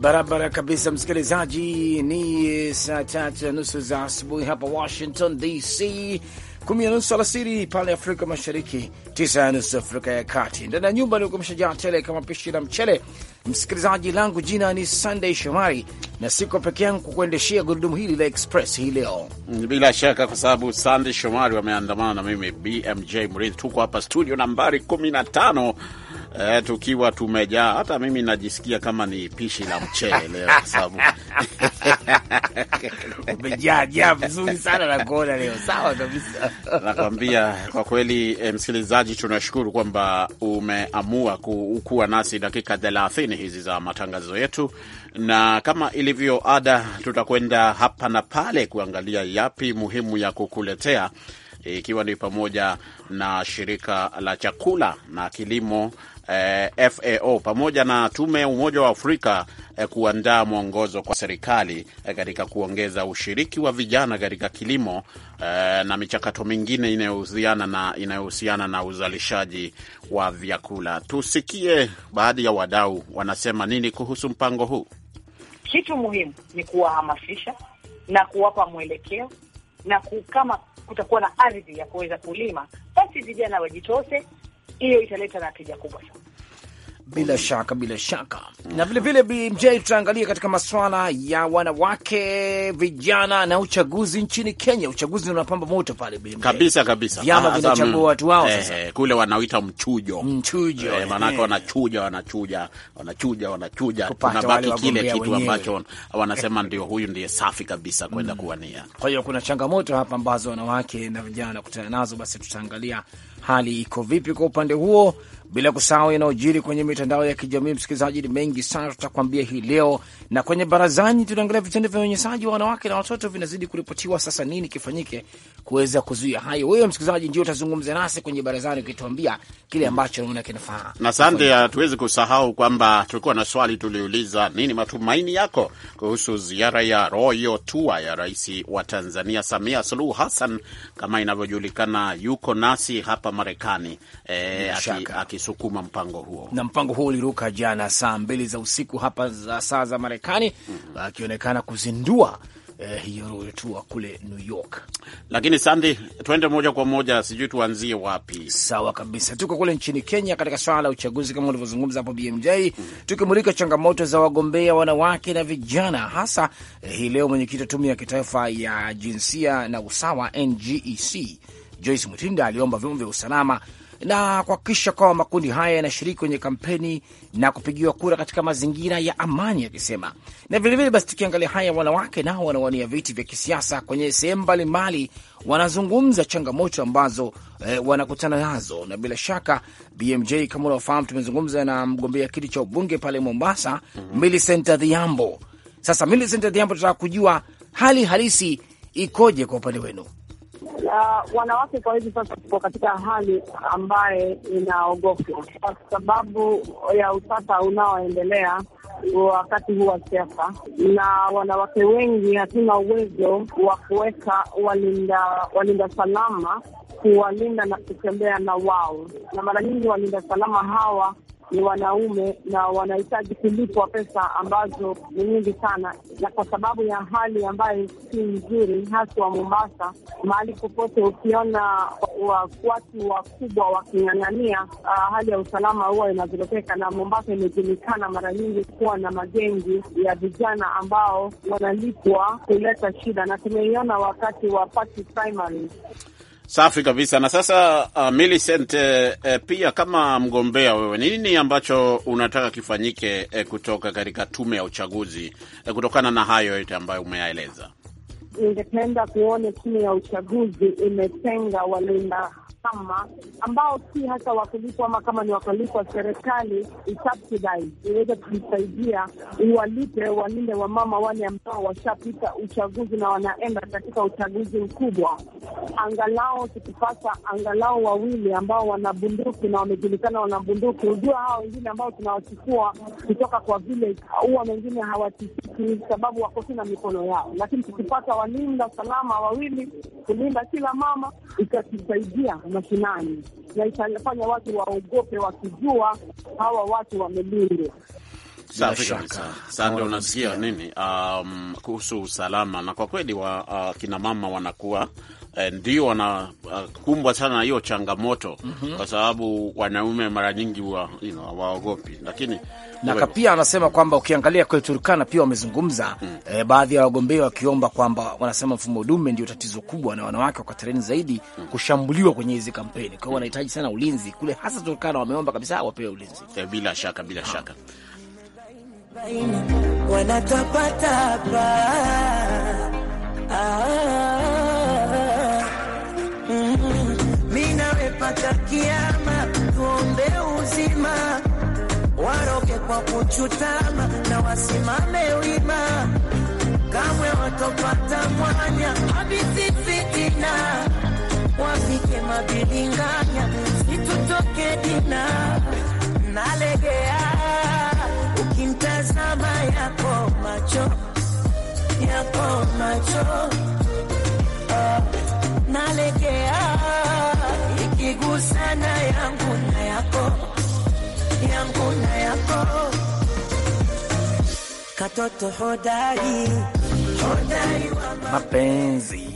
Barabara kabisa, msikilizaji. Ni saa tatu na nusu za asubuhi hapa Washington DC, kumi na nusu alasiri pale Afrika Mashariki, tisa na nusu Afrika ya Kati. Ndani ya nyumba nikumshajaa tele kama pishi la mchele. Msikilizaji langu jina ni Sunday Shomari na siko peke yangu kukuendeshea gurudumu hili la express hii leo, bila shaka, kwa sababu Sunday Shomari wameandamana na mimi BMJ Mrithi, Tuko hapa studio nambari na tano eh, tukiwa tumejaa. Hata mimi najisikia kama ni pishi la mchele leo kwa sababu umejaa vizuri sana na kuona leo. Sawa kabisa, nakwambia kwa kweli. Eh, msikilizaji, tunashukuru kwamba umeamua kuwa nasi dakika thelathini hizi za matangazo yetu, na kama ilivyo ada, tutakwenda hapa na pale kuangalia yapi muhimu ya kukuletea ikiwa ni pamoja na shirika la chakula na kilimo eh, FAO pamoja na tume ya Umoja wa Afrika eh, kuandaa mwongozo kwa serikali eh, katika kuongeza ushiriki wa vijana katika kilimo eh, na michakato mingine inayohusiana na, inayohusiana na uzalishaji wa vyakula. Tusikie baadhi ya wadau wanasema nini kuhusu mpango huu. Kitu muhimu ni kuwahamasisha na kuwapa mwelekeo na kama kutakuwa na ardhi ya kuweza kulima, basi vijana wajitose hiyo italeta na tija kubwa sana. Bila shaka bila shaka. Na vilevile BMJ, tutaangalia katika maswala ya wanawake, vijana na uchaguzi nchini Kenya. Uchaguzi unapamba moto pale BMJ, kabisa kabisa, vyama ah, vinachagua ah, watu wao mm. eh, sasa. kule wanaoita mchujo, mchujo eh, manake eh, wanachuja wanachuja wanachuja wanachuja, tunabaki kile kitu ambacho wanasema ndio huyu ndiye safi kabisa kwenda mm, kuwania. Kwa hiyo kuna changamoto hapa ambazo wanawake na vijana wanakutana nazo, basi tutaangalia hali iko vipi kwa upande huo? bila kusahau yanayojiri kwenye mitandao ya kijamii. Msikilizaji, ni mengi sana tutakwambia hii leo, na kwenye barazani tunaangalia vitendo vya unyanyasaji wa wanawake na watoto vinazidi kuripotiwa. Sasa nini kifanyike kuweza kuzuia hayo? Wewe msikilizaji, ndio utazungumza nasi kwenye barazani, ukituambia kile ambacho unaona kinafaa. Na sande, hatuwezi kusahau kwamba tulikuwa na swali tuliuliza, nini matumaini yako kuhusu ziara ya Royal Tour ya rais wa Tanzania Samia Suluhu Hassan, kama inavyojulikana yuko nasi hapa Marekani e, aki, aki akisukuma mpango huo, na mpango huo uliruka jana saa mbili za usiku hapa za saa za Marekani, mhm. akionekana mm -hmm. kuzindua Eh, hiyo rotua kule New York. Lakini Sandi, twende moja kwa moja, sijui tuanzie wapi? Sawa kabisa, tuko kule nchini Kenya katika swala la uchaguzi kama ulivyozungumza hapo BMJ mm. tukimulika changamoto za wagombea wanawake na vijana hasa eh, hii leo mwenyekiti wa tume ya kitaifa ya jinsia na usawa NGEC Joyce Mutinda aliomba vyombo vya usalama na kuhakikisha kwamba makundi haya yanashiriki kwenye kampeni na kupigiwa kura katika mazingira ya amani, akisema. Na vilevile basi, tukiangalia haya, wanawake nao wanawania viti vya kisiasa kwenye sehemu mbalimbali, wanazungumza changamoto ambazo eh, wanakutana nazo, na bila shaka BMJ kama unaofahamu, tumezungumza na mgombea kiti cha ubunge pale Mombasa, mm -hmm. Millicent Adhiambo. Sasa Millicent Adhiambo, tunataka kujua hali halisi ikoje kwa upande wenu? Uh, wanawake kwa hivi sasa tuko katika hali ambaye inaogofya kwa sababu ya utata unaoendelea wakati huu wa siasa, na wanawake wengi hatuna uwezo wa kuweka walinda walinda salama kuwalinda na kutembea na wao, na mara nyingi walinda salama hawa ni wanaume na wanahitaji kulipwa pesa ambazo ni nyingi sana, na kwa sababu ya hali ambayo si nzuri, haswa Mombasa, mahali popote ukiona watu wakubwa waking'ang'ania ah, hali ya usalama huwa inazoroteka, na Mombasa imejulikana mara nyingi kuwa na magengi ya vijana ambao wanalipwa kuleta shida, na tumeiona wakati wa party primary. Safi kabisa. Na sasa uh, Millicent, eh, eh pia kama mgombea wewe, nini ambacho unataka kifanyike eh, kutoka katika tume ya uchaguzi eh, kutokana na hayo yote ambayo umeyaeleza? Ningependa kuona tume ya uchaguzi imetenga walinda kama ambao si hasa wakulipwa ama kama ni wakulipwa, serikali iweze kujisaidia, uwalipe walinde mama wale ambao washapita uchaguzi na wanaenda katika uchaguzi mkubwa, angalau tukipata angalau wawili ambao wana bunduki na wamejulikana wana bunduki. Hujua hawa wengine ambao tunawachukua kutoka kwa vile huwa wengine hawatisiki sababu wako tu na mikono yao, lakini tukipata walinda salama wawili kulinda kila mama itatusaidia mashinani, na itafanya watu waogope wakijua hawa watu wamelindwa. Sande, unasikia nini um, kuhusu usalama? Na kwa kweli wa uh, wanakuwa eh, ndio wanakumbwa uh, sana na hiyo changamoto mm -hmm. kwa sababu wanaume mara nyingi wa, you know, waogopi, lakini na pia anasema kwamba ukiangalia kwa Turkana pia wamezungumza mm. eh, baadhi ya wagombea wakiomba kwamba wanasema mfumo dume ndio tatizo kubwa, na wanawake wako hatarini zaidi mm. kushambuliwa kwenye hizi kampeni. Kwa hiyo wanahitaji sana ulinzi kule, hasa Turkana wameomba kabisa wapewe ulinzi eh, bila shaka bila ha. Ah. shaka wanatapatapa ah. ah, ah. mpaka kiama, tuombe uzima, waroke kwa kuchutama na wasimame wima, kamwe watopata mwanya abisi fitina, wafike mabilinganya, situtoke dina nalegea ukimtazama yako macho yako macho uh, nalegea tukigusana, yangu na yako, yangu na yako, katoto hodari, hodari wa mapenzi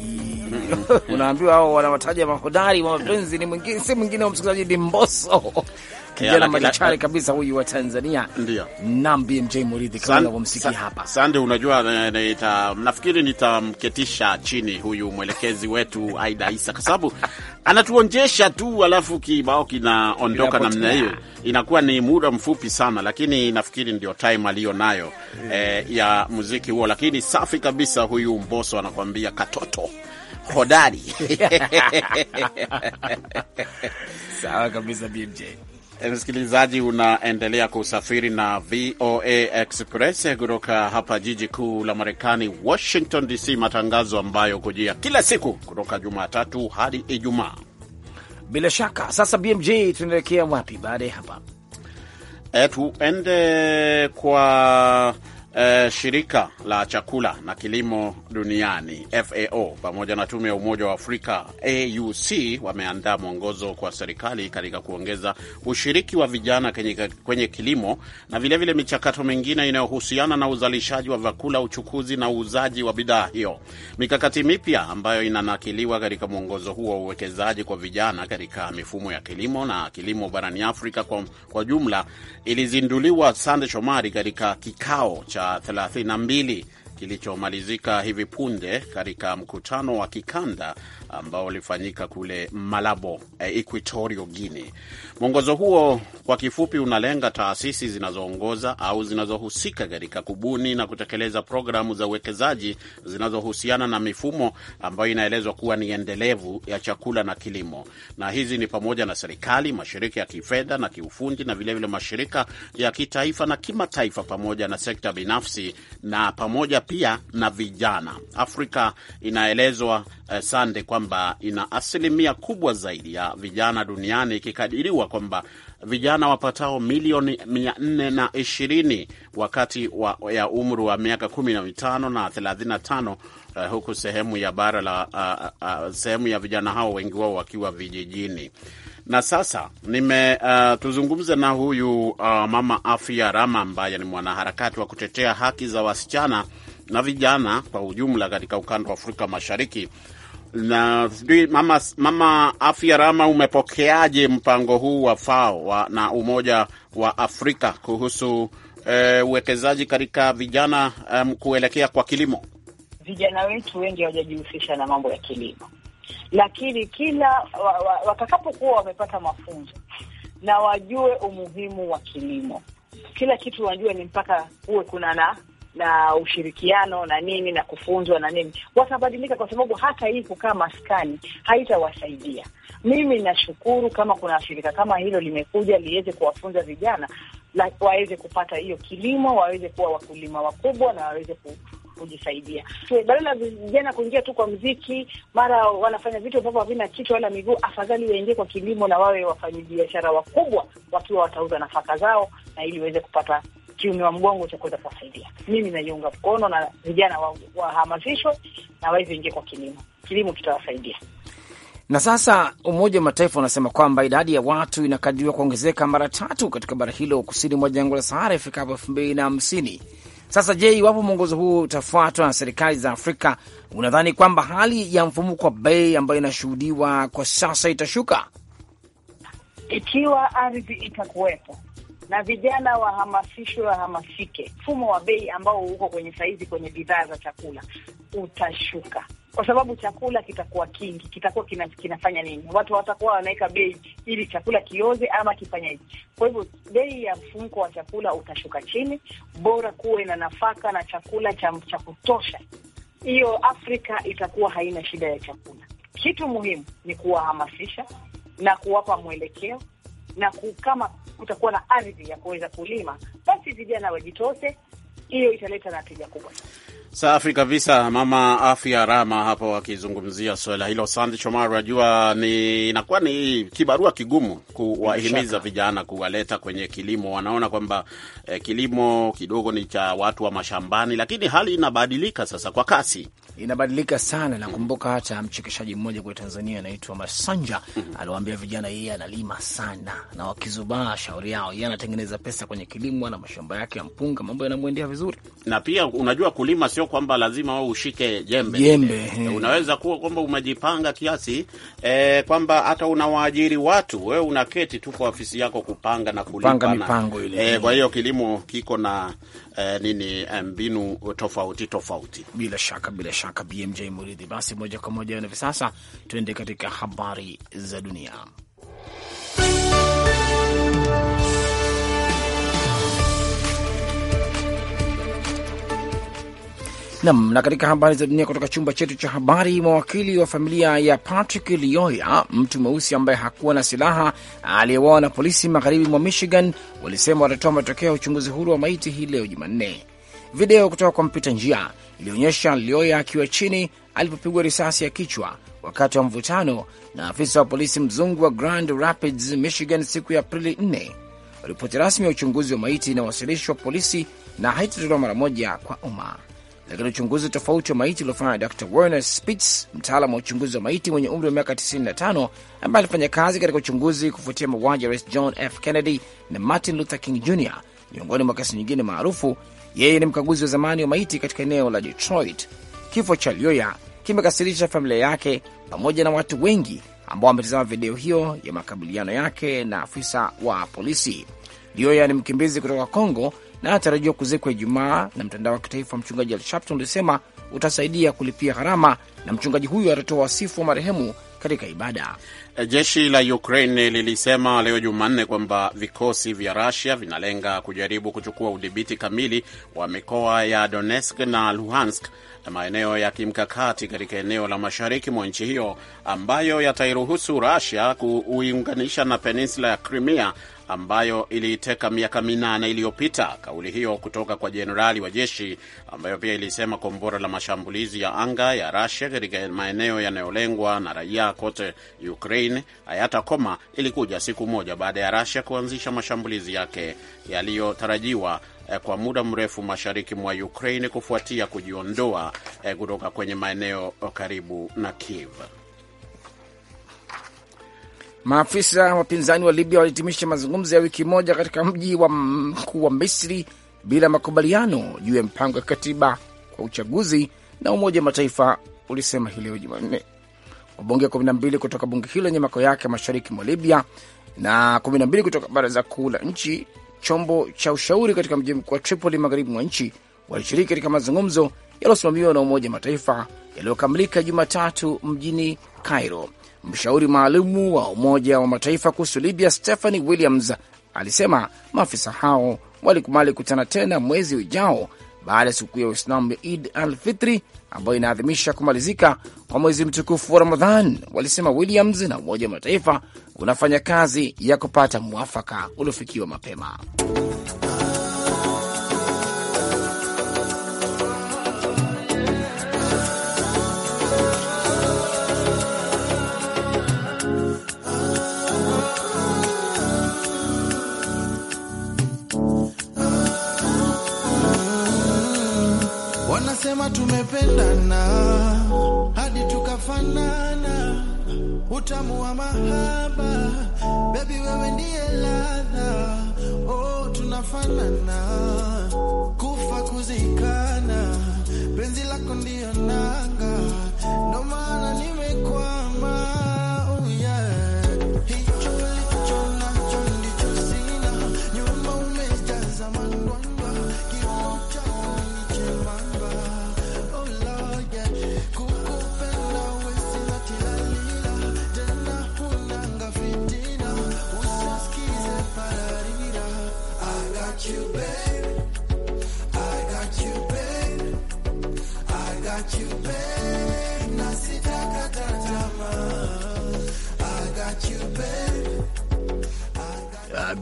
unaambiwa hao wanawataja mahodari wa mapenzi, ni mwingine si mwingine wa msikilizaji ni Mboso. kijana machachari kabisa huyu wa Tanzania. Ndio Na BMJ Muridhi wamsikia hapa sande. Unajua, eh, nita, nafikiri nitamketisha chini huyu mwelekezi wetu Aida Isa kwa sababu anatuonjesha tu, alafu kibao kinaondoka namna hiyo, inakuwa ni muda mfupi sana, lakini nafikiri ndio time aliyo nayo hmm, eh, ya muziki huo, lakini safi kabisa. Huyu Mboso anakuambia katoto hodari sawa kabisa BMJ. Eh, msikilizaji, unaendelea kusafiri na VOA Express kutoka hapa jiji kuu la Marekani, Washington DC, matangazo ambayo kujia kila siku kutoka Jumatatu hadi Ijumaa. Bila shaka sasa, BMJ, tunaelekea wapi baada ya hapa? E, tuende kwa Uh, shirika la chakula na kilimo duniani FAO pamoja na tume ya Umoja wa Afrika AUC wameandaa mwongozo kwa serikali katika kuongeza ushiriki wa vijana kwenye, kwenye kilimo na vilevile michakato mingine inayohusiana na uzalishaji wa vyakula, uchukuzi na uuzaji wa bidhaa hiyo. Mikakati mipya ambayo inanakiliwa katika mwongozo huo wa uwekezaji kwa vijana katika mifumo ya kilimo na kilimo barani Afrika kwa, kwa jumla ilizinduliwa Sande Shomari katika kikao cha ya 32 kilichomalizika hivi punde katika mkutano wa kikanda ambao ulifanyika kule Malabo, eh, Equatorio Guinea. Mwongozo huo kwa kifupi unalenga taasisi zinazoongoza au zinazohusika katika kubuni na kutekeleza programu za uwekezaji zinazohusiana na mifumo ambayo inaelezwa kuwa ni endelevu ya chakula na kilimo, na hizi ni pamoja na serikali, mashirika ya kifedha na kiufundi, na vilevile vile mashirika ya kitaifa na kimataifa, pamoja na sekta binafsi na pamoja pia na vijana. Afrika inaelezwa eh, sande kwamba ina asilimia kubwa zaidi ya vijana duniani ikikadiriwa kwamba vijana wapatao milioni mia nne na ishirini wakati wa, ya umri wa miaka kumi na mitano na thelathini na tano uh, huku sehemu ya bara la uh, uh, sehemu ya vijana hao wengi wao wakiwa vijijini. Na sasa nime uh, tuzungumze na huyu uh, mama Afia Rama ambaye ni mwanaharakati wa kutetea haki za wasichana na vijana kwa ujumla katika ukanda wa Afrika Mashariki. Na sijui mama, mama Afya Rama, umepokeaje mpango huu wa FAO wa, na Umoja wa Afrika kuhusu eh, uwekezaji katika vijana um, kuelekea kwa kilimo? Vijana wetu wengi hawajajihusisha na mambo ya kilimo, lakini kila watakapokuwa wa, wamepata mafunzo na wajue umuhimu wa kilimo, kila kitu wajue ni mpaka huwe kuna na na ushirikiano na nini na kufunzwa na nini, watabadilika, kwa sababu hata hii kukaa maskani haitawasaidia. Mimi nashukuru kama kuna shirika kama hilo limekuja liweze kuwafunza vijana waweze kupata hiyo kilimo, waweze kuwa wakulima wakubwa na waweze ku kujisaidia badala ya vijana kuingia tu kwa mziki, mara wanafanya vitu ambavyo havina kichwa wala miguu. Afadhali waingie kwa kilimo na wawe wafanyabiashara wakubwa, wakiwa watauza nafaka zao na ili waweze kupata kiume wa mgongo cha kuweza kuwasaidia. Mimi naiunga mkono na vijana wahamasishwe wa na waweze kuingia kwa kilimo, kilimo kitawasaidia. Na sasa Umoja wa Mataifa unasema kwamba idadi ya watu inakadiriwa kuongezeka mara tatu katika bara hilo kusini mwa jangwa la Sahara ifikapo elfu mbili na hamsini. Sasa je, iwapo mwongozo huu utafuatwa na serikali za Afrika, unadhani kwamba hali ya mfumuko wa bei ambayo inashuhudiwa kwa sasa itashuka ikiwa ardhi itakuwepo? na vijana wahamasishwe, wahamasike. Mfumo wa bei ambao uko kwenye saizi kwenye bidhaa za chakula utashuka kwa sababu chakula kitakuwa kingi, kitakuwa kina, kinafanya nini? Watu watakuwa wanaweka bei ili chakula kioze ama hivi. Kwa hivyo bei ya mfumko wa chakula utashuka chini, bora kuwe na nafaka na chakula cha cha kutosha. Hiyo Afrika itakuwa haina shida ya chakula. Kitu muhimu ni kuwahamasisha na kuwapa mwelekeo na kama kutakuwa na ardhi ya kuweza kulima, basi vijana wajitose. Hiyo italeta na tija kubwa. Safi kabisa, mama Afya Rama hapo akizungumzia swala hilo. Sande Shomari, ajua ni inakuwa ni kibarua kigumu kuwahimiza vijana kuwaleta kwenye kilimo. Wanaona kwamba eh, kilimo kidogo ni cha watu wa mashambani, lakini hali inabadilika sasa kwa kasi inabadilika sana. Nakumbuka hata mchekeshaji mmoja kwa Tanzania anaitwa Masanja mhm. aliwaambia vijana yeye analima sana, na wakizubaa shauri yao, yeye anatengeneza pesa kwenye kilimo na mashamba yake ya mpunga, mambo yanamwendea vizuri. Na pia unajua kulima sio kwamba lazima wewe ushike jembe, jembe eh, eh. unaweza kuwa kwamba umejipanga kiasi e, kwamba hata unawaajiri watu, wewe unaketi tu kwa ofisi yako kupanga na kulipa mipango ile e, kwa hiyo kilimo kiko na eh, nini eh, mbinu tofauti tofauti. Bila shaka, bila shaka BMJ Muridhi. Basi moja kwa moja na hivi sasa tuende katika habari za dunia. Nam. Na katika habari za dunia kutoka chumba chetu cha habari, mawakili wa familia ya Patrick Lioya, mtu mweusi ambaye hakuwa na silaha aliyewawa na polisi magharibi mwa Michigan, walisema watatoa matokeo ya uchunguzi huru wa maiti hii leo Jumanne. Video kutoka kwa mpita njia ilionyesha Lioya akiwa chini alipopigwa risasi ya kichwa wakati wa mvutano na afisa wa polisi mzungu wa Grand Rapids, Michigan siku ya Aprili 4. Ripoti rasmi ya uchunguzi wa maiti inawasilishwa polisi na haitatolewa mara moja kwa umma lakini uchunguzi tofauti wa maiti uliofanya Dr Werner Spitz, mtaalam wa uchunguzi wa maiti mwenye umri wa miaka 95 ambaye alifanya kazi katika uchunguzi kufuatia mauaji ya rais John F Kennedy na Martin Luther King Jr miongoni mwa kesi nyingine maarufu. Yeye ni mkaguzi wa zamani wa maiti katika eneo la Detroit. Kifo cha Lyoya kimekasirisha familia yake pamoja na watu wengi ambao wametazama video hiyo ya makabiliano yake na afisa wa polisi. Lyoya ni mkimbizi kutoka congo na anatarajiwa kuzikwa Ijumaa. Na mtandao wa kitaifa mchungaji Al Sharpton ulisema utasaidia kulipia gharama, na mchungaji huyo atatoa wasifu wa marehemu katika ibada. E, jeshi la Ukraine lilisema leo Jumanne kwamba vikosi vya Rusia vinalenga kujaribu kuchukua udhibiti kamili wa mikoa ya Donetsk na Luhansk na maeneo ya kimkakati katika eneo la mashariki mwa nchi hiyo ambayo yatairuhusu Rusia kuiunganisha na peninsula ya Crimea ambayo iliiteka miaka minane iliyopita. Kauli hiyo kutoka kwa jenerali wa jeshi ambayo pia ilisema kombora la mashambulizi ya anga ya rasia katika maeneo yanayolengwa na raia kote Ukraine hayatakoma ilikuja siku moja baada ya rasia kuanzisha mashambulizi yake yaliyotarajiwa eh, kwa muda mrefu mashariki mwa Ukraine kufuatia kujiondoa eh, kutoka kwenye maeneo karibu na Kiev. Maafisa wapinzani wa Libya walihitimisha mazungumzo ya wiki moja katika mji wa mkuu wa Misri bila makubaliano juu ya mpango ya katiba kwa uchaguzi, na Umoja wa Mataifa ulisema hii leo Jumanne. Wabunge 12 kutoka bunge hilo lenye makao yake mashariki mwa Libya na 12 kutoka baraza kuu la nchi, chombo cha ushauri katika mji mkuu wa Tripoli, magharibi mwa nchi, walishiriki katika mazungumzo yaliyosimamiwa na Umoja wa Mataifa yaliyokamilika Jumatatu mjini Cairo Mshauri maalumu wa Umoja wa Mataifa kuhusu Libya, Stephanie Williams, alisema maafisa hao walikubali kutana tena mwezi ujao baada ya sikukuu ya Uislamu ya Id al Fitri ambayo inaadhimisha kumalizika kwa mwezi mtukufu wa Ramadhan. Walisema Williams na Umoja wa Mataifa unafanya kazi ya kupata mwafaka uliofikiwa mapema. Tunasema tumependana hadi tukafanana, utamu wa mahaba, baby wewe ndiye ladha, oh tunafanana, kufa kuzikana, penzi lako ndiyo nanga, ndo maana nimekwama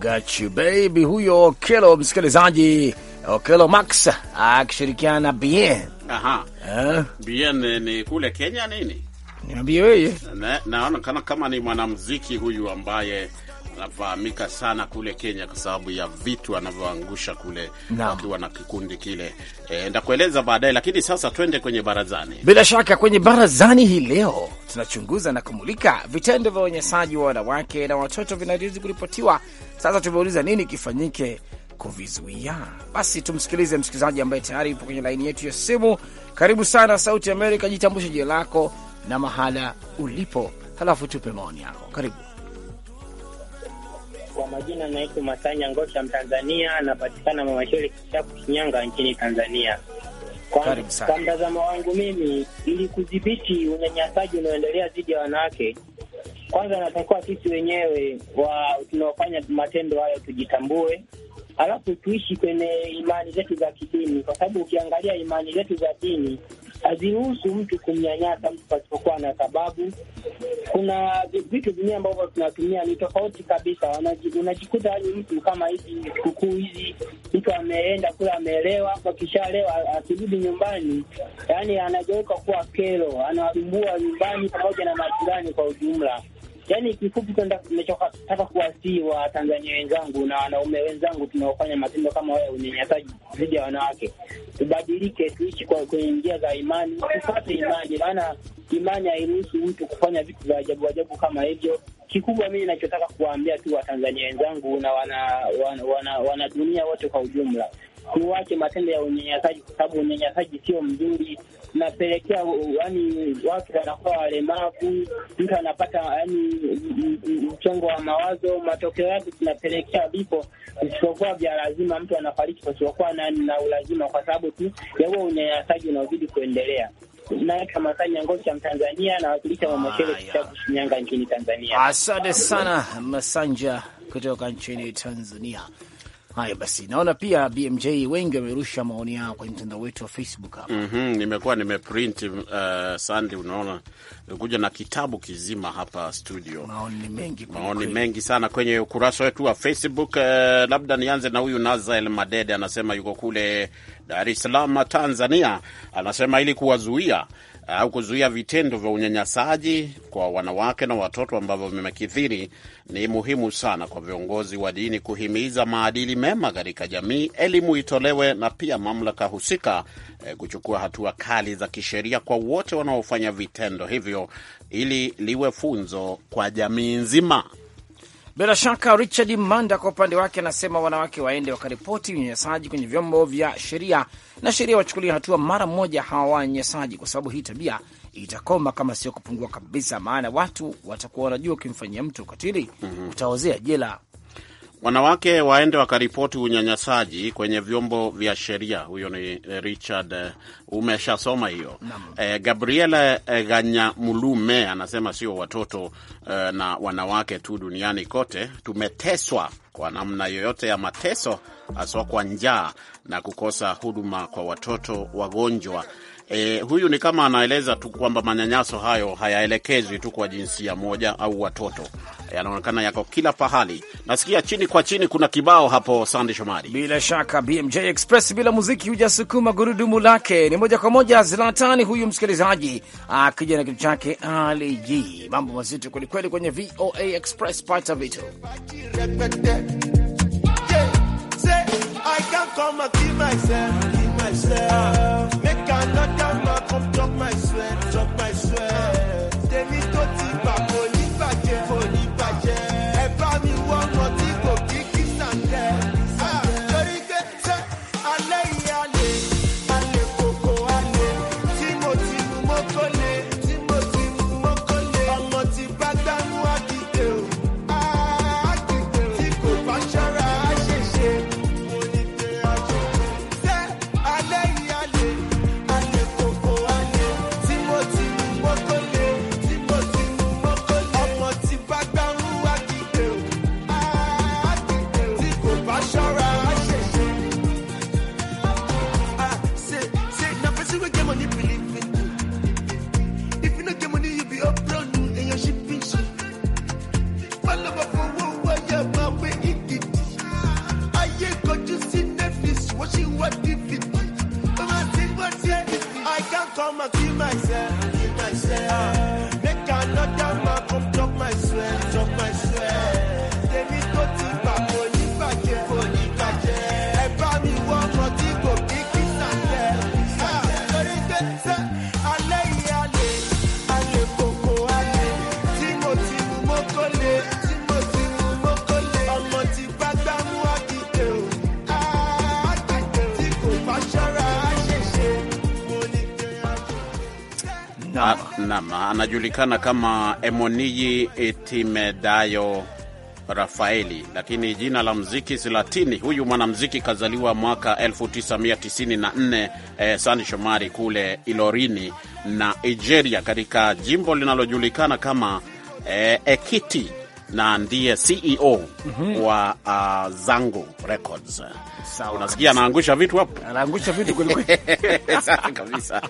got you baby. Huyo Okelo msikilizaji, Okelo Max akishirikiana na Bien. Aha. Eh? Bien ni kule Kenya nini? Niambie wewe. naona kana kama ni mwanamuziki huyu ambaye anafahamika sana kule Kenya kwa sababu ya vitu anavyoangusha kule akiwa na kikundi kile. E, eh, ndakueleza baadaye, lakini sasa twende kwenye barazani. Bila shaka kwenye barazani hii leo tunachunguza na kumulika vitendo vya unyanyasaji wa wanawake na watoto vinazidi kuripotiwa sasa tumeuliza nini kifanyike kuvizuia. Basi tumsikilize msikilizaji ambaye tayari yupo kwenye laini yetu ya simu. Karibu sana Sauti Amerika, jitambushe jina lako na mahala ulipo, halafu tupe maoni yako. Karibu. Kwa majina naitwa Masanya Ngosha, Mtanzania, anapatikana Mamasheri, Kishapu, Shinyanga nchini Tanzania. Kwa, kwa mtazamo wangu mimi, ili kudhibiti unyanyasaji unaoendelea dhidi ya wanawake, kwanza natakiwa sisi wenyewe wa tunaofanya matendo hayo tujitambue, alafu tuishi kwenye imani zetu za kidini, kwa sababu ukiangalia imani zetu za dini haziruhusu mtu kumnyanyasa mtu pasipokuwa na sababu. Kuna vitu vingine ambavyo tunatumia ni tofauti kabisa. Unajikuta yaani, mtu kama hizi sikukuu hizi, mtu ameenda kule, amelewa, akishalewa akirudi nyumbani, yani anageuka kuwa kero, anasumbua nyumbani pamoja na majirani kwa ujumla. Yani kifupi, nachotaka kuwasii wa Tanzania wenzangu na wanaume wenzangu tunaofanya matendo kama haya unyanyasaji dhidi ya wanawake, tubadilike, tuishi kwenye njia za imani, tufate imani, maana imani hairuhusu mtu kufanya vitu vya ajabu ajabu kama hivyo. Kikubwa mimi nachotaka kuwaambia tu Watanzania wenzangu na wana, wana, wana, wana dunia wote kwa ujumla kuwache matendo ya unyanyasaji, kwa sababu unyanyasaji sio mzuri, napelekea yani watu wanakuwa walemavu, mtu anapata yani mchongo wa mawazo, matokeo yake tunapelekea vifo visivyokuwa vya lazima, mtu anafariki pasipokuwa na, na ulazima, kwa sababu tu ya huo unyanyasaji unaozidi kuendelea. Naye Kamasanya Ngocha, Mtanzania, nawakilisha mwamashele Kitabu, Shinyanga nchini Tanzania. Asante sana Masanja kutoka nchini Tanzania. Haya basi, naona pia BMJ wengi wamerusha maoni yao kwenye mtandao wetu wa Facebook hapa. mm -hmm, nimekuwa nimeprint uh, Sandi, unaona kuja na kitabu kizima hapa studio, maoni mengi, maoni mengi sana kwenye ukurasa wetu wa Facebook. Uh, labda nianze na huyu Nazael Madede, anasema yuko kule Dar es Salaam, Tanzania, anasema ili kuwazuia Eh, au kuzuia vitendo vya unyanyasaji kwa wanawake na watoto ambavyo vimekithiri, ni muhimu sana kwa viongozi wa dini kuhimiza maadili mema katika jamii, elimu itolewe, na pia mamlaka husika eh, kuchukua hatua kali za kisheria kwa wote wanaofanya vitendo hivyo, ili liwe funzo kwa jamii nzima. Bila shaka Richard Manda kwa upande wake anasema wanawake waende wakaripoti unyanyasaji kwenye vyombo vya sheria na sheria wachukulia hatua mara moja hawa wanyanyasaji, kwa sababu hii tabia itakoma kama sio kupungua kabisa, maana watu watakuwa wanajua ukimfanyia mtu ukatili mm -hmm. utaozea jela wanawake waende wakaripoti unyanyasaji kwenye vyombo vya sheria. Huyo ni eh, Richard, eh, umeshasoma hiyo e. Eh, Gabriela Ganyamulume anasema sio watoto e, na wanawake tu, duniani kote tumeteswa kwa namna yoyote ya mateso, haswa kwa njaa na kukosa huduma kwa watoto wagonjwa Eh, huyu ni kama anaeleza tu kwamba manyanyaso hayo hayaelekezwi tu kwa jinsia moja au watoto, yanaonekana e, yako kila pahali. Nasikia chini kwa chini, kuna kibao hapo, Sande Shomari. Bila shaka BMJ Express bila muziki hujasukuma gurudumu lake. Ni moja kwa moja Zlatani huyu msikilizaji akija na kitu chake aliji, mambo mazito kwelikweli kwenye VOA Express, pata vitu yeah. Lord, come, my pump, drop my sweat, drop my sweat. Naam, anajulikana kama Emoniji Etimedayo Rafaeli, lakini jina la mziki si Latini. Huyu mwanamziki kazaliwa mwaka 1994 eh, Sani Shomari kule Ilorini na Nigeria, katika jimbo linalojulikana kama eh, Ekiti na ndiye CEO mm -hmm. wa uh, Zangu Records. Sawa. Unasikia anaangusha vitu hapo. Anaangusha vitu kweli kweli. Sawa kabisa.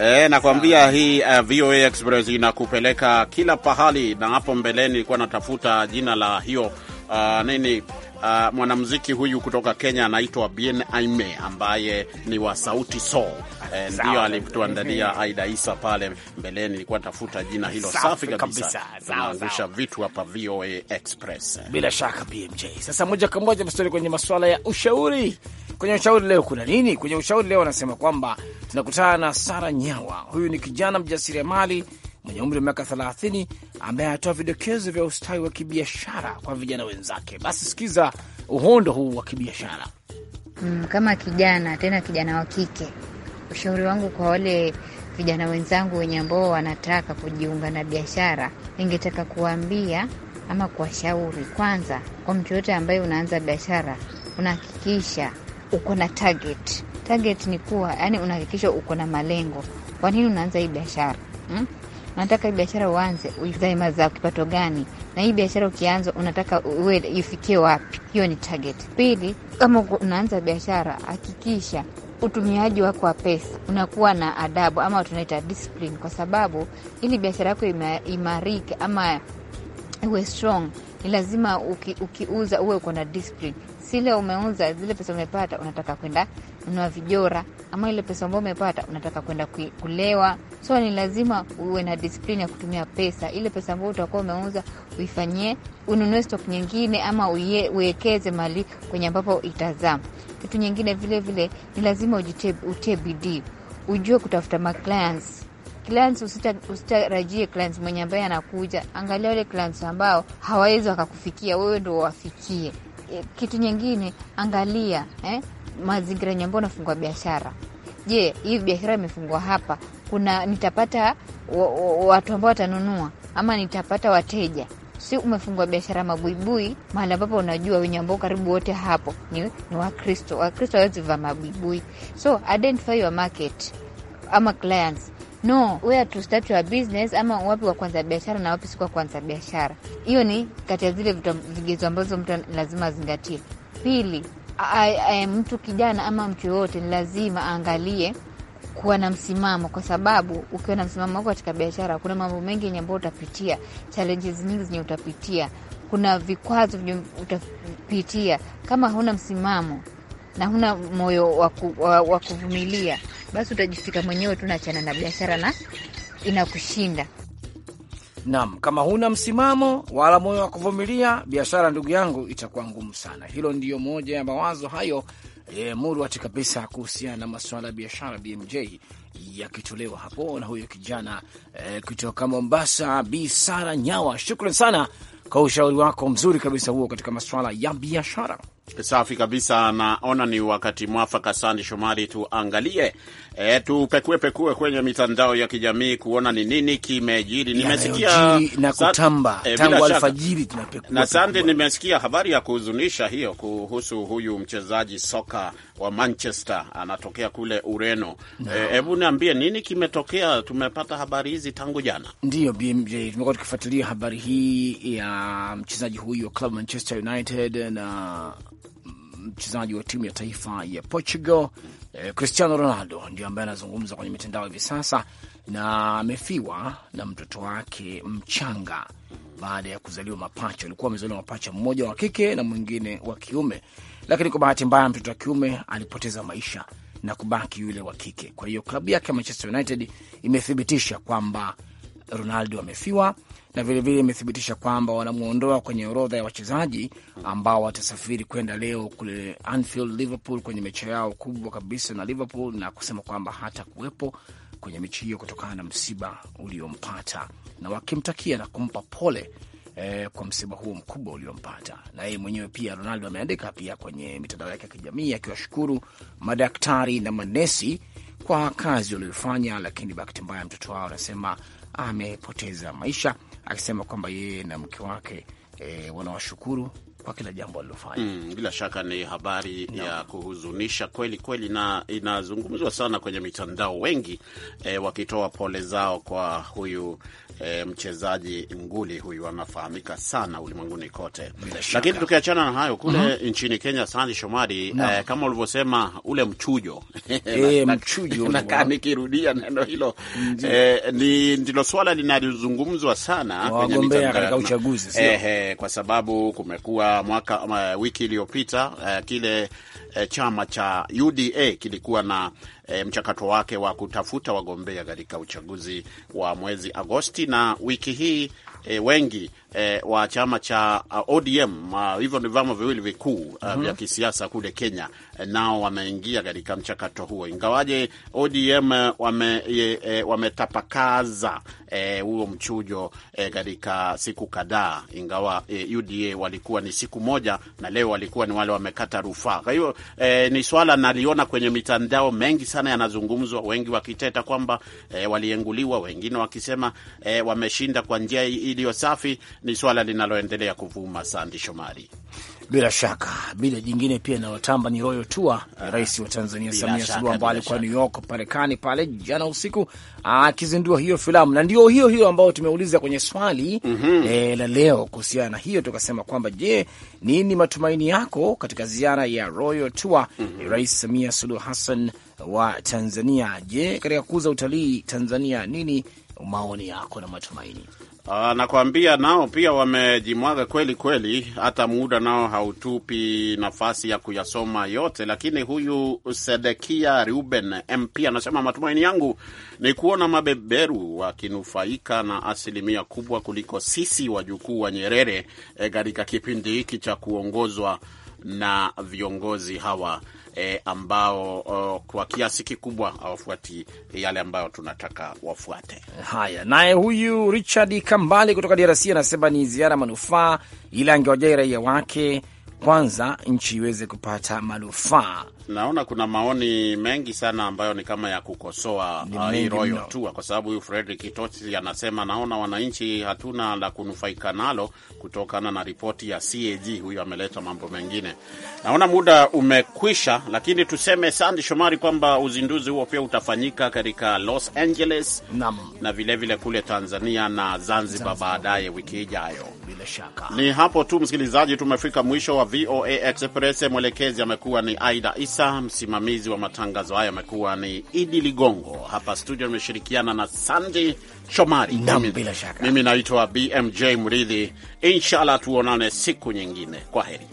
Eh, nakwambia hii uh, VOA Express inakupeleka kila pahali na hapo mbeleni nilikuwa natafuta jina la hiyo uh, nini uh, mwanamuziki huyu kutoka Kenya anaitwa Bien Aime ambaye ni wa Sauti Sol. E, ndio alituandalia Aida Isa pale mbeleni, nilikuwa tafuta jina hilo. Safi kabisa, vitu hapa VOA Express bila shaka BMJ. Sasa moja kwa moja mstori kwenye masuala ya ushauri. Kwenye ushauri leo kuna nini? Kwenye ushauri leo anasema kwamba tunakutana na Sara Nyawa. Huyu ni kijana mjasiriamali mwenye umri wa miaka 30 ambaye anatoa vidokezo vya ustawi wa kibiashara kwa vijana wenzake. Basi sikiza uhondo huu wa kibiashara. Mm, kama kijana tena kijana wa kike, ushauri wangu kwa wale vijana wenzangu wenye ambao wanataka kujiunga na biashara, ningetaka kuwaambia ama kuwashauri, kwanza, kwa mtu yoyote ambaye unaanza biashara, unahakikisha uko na target. Target ni kuwa, yani unahakikisha uko na malengo. Kwa nini unaanza hii biashara hmm? unataka hii biashara uanze, uizae mazao kipato gani, na hii biashara ukianza unataka uwe ifikie wapi? Hiyo ni target. Pili, kama unaanza biashara hakikisha utumiaji wako wa pesa unakuwa na adabu ama tunaita discipline, kwa sababu ili biashara yako imarike ama iwe strong ni lazima uki, ukiuza uwe uko na discipline. Sile umeuza zile pesa umepata unataka kwenda nunua vijora, ama ile pesa ambayo umepata unataka kwenda kulewa So ni lazima uwe na disiplini ya kutumia pesa. Ile pesa ambayo utakuwa umeuza uifanyie, ununue stok nyingine, ama uye, uwekeze mali kwenye ambapo itazaa. Kitu nyingine vilevile ni lazima utie bidii, ujue kutafuta maclients clients usitarajie clients mwenye ambaye anakuja, angalia wale clients ambao hawawezi wakakufikia wewe, ndo wafikie. E, kitu nyingine angalia eh, mazingira yenye ambao unafungua biashara je, hii biashara imefungwa hapa, kuna nitapata watu ambao watanunua ama nitapata wateja? Si umefungua biashara mabuibui mahali ambapo unajua wenye ambao karibu wote hapo ni, ni Wakristo. Wakristo hawezi vaa mabuibui, so identify your market ama clients no where to start your business, ama wapi wa kwanza biashara na wapi sikuwa kwanza biashara. Hiyo ni kati ya zile vigezo ambazo mtu lazima azingatie. Pili, mtu kijana ama mtu yoyote ni lazima aangalie kuwa na msimamo, kwa sababu ukiwa na msimamo wako katika biashara, kuna mambo mengi yenye ambayo utapitia, challenges nyingi zenye utapitia, kuna vikwazo vyenye utapitia. Kama huna msimamo na huna moyo wa kuvumilia, basi utajifika mwenyewe tu, nachana na biashara na inakushinda. Naam, kama huna msimamo wala moyo wa kuvumilia biashara, ndugu yangu, itakuwa ngumu sana. Hilo ndiyo moja ya mawazo hayo e, murwati kabisa kuhusiana na masuala ya biashara BMJ yakitolewa hapo na huyo kijana e, kutoka Mombasa, Bi Sara Nyawa. Shukran sana kwa ushauri wako mzuri kabisa huo katika masuala ya biashara. Safi kabisa, naona ni wakati mwafaka, Sandi Shomari, tuangalie e, tupekue pekue kwenye mitandao ya kijamii kuona ni nini kimejiri. Nimesikia na kutamba e, tangu alfajiri tunapekua na Sandi, nimesikia habari ya kuhuzunisha hiyo kuhusu huyu mchezaji soka wa Manchester anatokea kule Ureno. Eh, hebu e, niambie nini kimetokea? Tumepata habari hizi tangu jana. Ndiyo BMJ, tumekuwa tukifuatilia habari hii ya mchezaji huyu wa club Manchester United na mchezaji wa timu ya taifa ya Portugal eh, Cristiano Ronaldo ndio ambaye anazungumza kwenye mitandao hivi sasa, na amefiwa na mtoto wake mchanga baada ya kuzaliwa mapacha. Walikuwa amezaliwa mapacha, mmoja wa kike na mwingine wa kiume lakini kwa bahati mbaya mtoto wa kiume alipoteza maisha na kubaki yule wa kike. Kwa hiyo klabu yake ya Manchester United imethibitisha kwamba Ronaldo amefiwa na vilevile imethibitisha kwamba wanamwondoa kwenye orodha ya wachezaji ambao watasafiri kwenda leo kule Anfield, Liverpool, kwenye mechi yao kubwa kabisa na Liverpool, na kusema kwamba hata kuwepo kwenye mechi hiyo kutokana na msiba uliompata, na wakimtakia na kumpa pole eh, kwa msiba huo mkubwa uliompata. Na yeye mwenyewe pia Ronaldo ameandika pia kwenye mitandao yake ya kijamii akiwashukuru madaktari na manesi kwa kazi walioifanya, lakini bahati mbaya mtoto wao anasema amepoteza maisha, akisema kwamba yeye na mke wake eh, wanawashukuru kwa kila jambo alilofanya. Mm, bila shaka ni habari no. ya kuhuzunisha kweli kweli, na inazungumzwa sana kwenye mitandao, wengi eh, wakitoa pole zao kwa huyu eh, mchezaji nguli huyu, anafahamika sana ulimwenguni kote. Lakini tukiachana na hayo kule mm -hmm. nchini Kenya, Sandi Shomari no. eh, kama ulivyosema ule mchujo e, mchujo nakaa nikirudia neno hilo eh, ni ndilo swala linalizungumzwa sana kwenye mitandao, eh, eh, kwa sababu kumekuwa mwaka uh, wiki iliyopita uh, kile uh, chama cha UDA kilikuwa na e, mchakato wake wa kutafuta wagombea katika uchaguzi wa mwezi Agosti na wiki hii e, wengi e, wa chama cha ODM uh, hivyo ni vyama viwili vikuu uh, mm -hmm. vya mhm. kisiasa kule Kenya e, nao wameingia katika mchakato huo, ingawaje ODM e, e, e, wametapakaza wame, e, huo mchujo katika e, siku kadhaa, ingawa e, UDA walikuwa ni siku moja na leo walikuwa ni wale wamekata rufaa. Kwa hiyo e, ni swala naliona kwenye mitandao mengi sana yanazungumzwa, wengi wakiteta kwamba e, walienguliwa, wengine wakisema e, wameshinda kwa njia iliyo safi. Ni swala linaloendelea kuvuma. Sandi Shomari. Bila shaka bila jingine pia inayotamba ni Royal Tour. Ah, Rais wa Tanzania Samia Suluhu ambaye alikuwa New York Marekani pale jana usiku akizindua hiyo filamu, na ndio hiyo hiyo ambayo tumeuliza kwenye swali mm -hmm. e, la leo kuhusiana na hiyo, tukasema kwamba je, nini matumaini yako katika ziara ya Royal Tour mm -hmm. Rais Samia Suluhu Hassan wa Tanzania? Je, katika kuuza utalii Tanzania, nini maoni yako na matumaini? Uh, nakwambia nao pia wamejimwaga kweli kweli, hata muda nao hautupi nafasi ya kuyasoma yote, lakini huyu Sedekia Ruben MP anasema matumaini yangu ni kuona mabeberu wakinufaika na asilimia kubwa kuliko sisi wajukuu wa Nyerere eh, katika e, kipindi hiki cha kuongozwa na viongozi hawa e, ambao o, kwa kiasi kikubwa hawafuati yale ambayo tunataka wafuate. Haya, naye huyu Richard Kambale kutoka DRC anasema ni ziara manufaa, ila angewajai raia wake kwanza nchi iweze kupata manufaa naona kuna maoni mengi sana ambayo ni kama ya kukosoa hii Royal Tour, kwa sababu huyu Fredrick Itosi anasema, naona wananchi hatuna la kunufaika nalo kutokana na ripoti ya CAG. Huyu ameleta mambo mengine. Naona muda umekwisha, lakini tuseme Sandi Shomari kwamba uzinduzi huo pia utafanyika katika Los Angeles Nam. na vilevile vile kule Tanzania na Zanzibar baadaye wiki ijayo. Bila shaka ni hapo tu, msikilizaji, tumefika mwisho wa VOA Express. Mwelekezi amekuwa ni Aida Isa kabisa. Msimamizi wa matangazo haya amekuwa ni Idi Ligongo, hapa studio nimeshirikiana na Sandi Shomari. Bila shaka mimi naitwa BMJ Mridhi. Inshallah tuonane siku nyingine, kwa heri.